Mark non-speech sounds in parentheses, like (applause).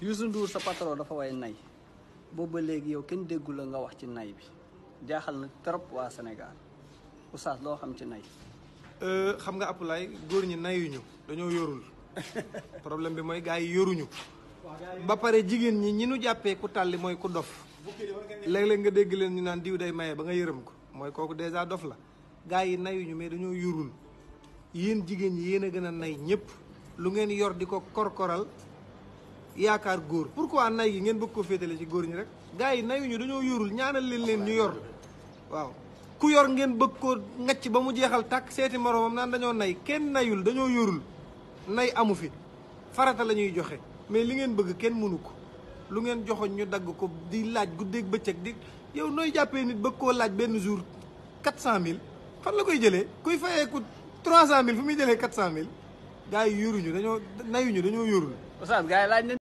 Youssou Ndour sa patron dafa way nay boobu ba léegi yow kenn déggu la nga wax ci nay bi jaaxal na trop waa Sénégal oustaz loo xam ci nay. Euh, xam nga Apulaay góor ñi nayuñu dañoo yorul (laughs) problème bi mooy gars yi yoruñu. ba pare jigéen ñi ñi nu jàppee ku tàlli mooy ku dof. léeg-léeg nga dégg leen ñu naan diw day maye ba nga yërëm ko mooy kooku dèjà dof la gars yi nayuñu mais dañoo yorul yéen jigéen ñi yéen a gën a nay ñëpp lu ngeen yor di ko korkoral. yaakaar góor pour quoi nay gi ngeen bëgg koo féetale ci góor ñi rek gars yi nayuñu dañoo yorul ñaanal leen leen ñu yor waaw ku yor ngeen bëgg ko ngacc ba mu jeexal tàkk seeti moromam naan dañoo nay kenn nayul dañoo yorul nay amu fi farata la ñuy joxe mais li ngeen bëgg kenn mënu ko lu ngeen joxoñ ñu dagg ko di laaj guddeeg bëccëg di yow nooy jàppee nit bëgg koo laaj benn jour quatre cent mille fan la koy jëlee kuy fayeeku trois cent mille fu muy jëlee quatre cent mille gars yi yoruñu dañoo nayuñu dañoo yorul. oustaz gars yi laaj nañ